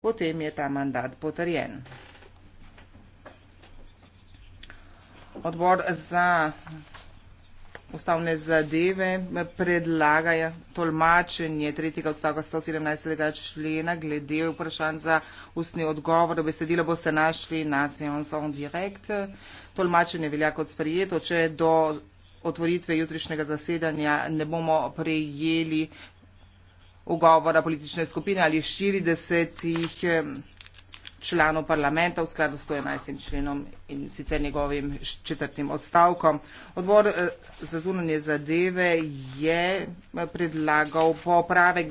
potem je ta mandat potrjen. Odbor za ustavne zadeve predlaga ja tolmačenje tretjega odstavka 117. člena glede vprašanj za ustni odgovor. Besedilo boste našli na Seance on Direct. Tolmačenje velja kot sprejeto, če do otvoritve jutrišnjega zasedanja ne bomo prejeli ugovora politične skupine ali 40 članov parlamenta v skladu s 111. členom in sicer njegovim četrtim odstavkom. Odbor eh, za zunanje zadeve je eh, predlagal popravek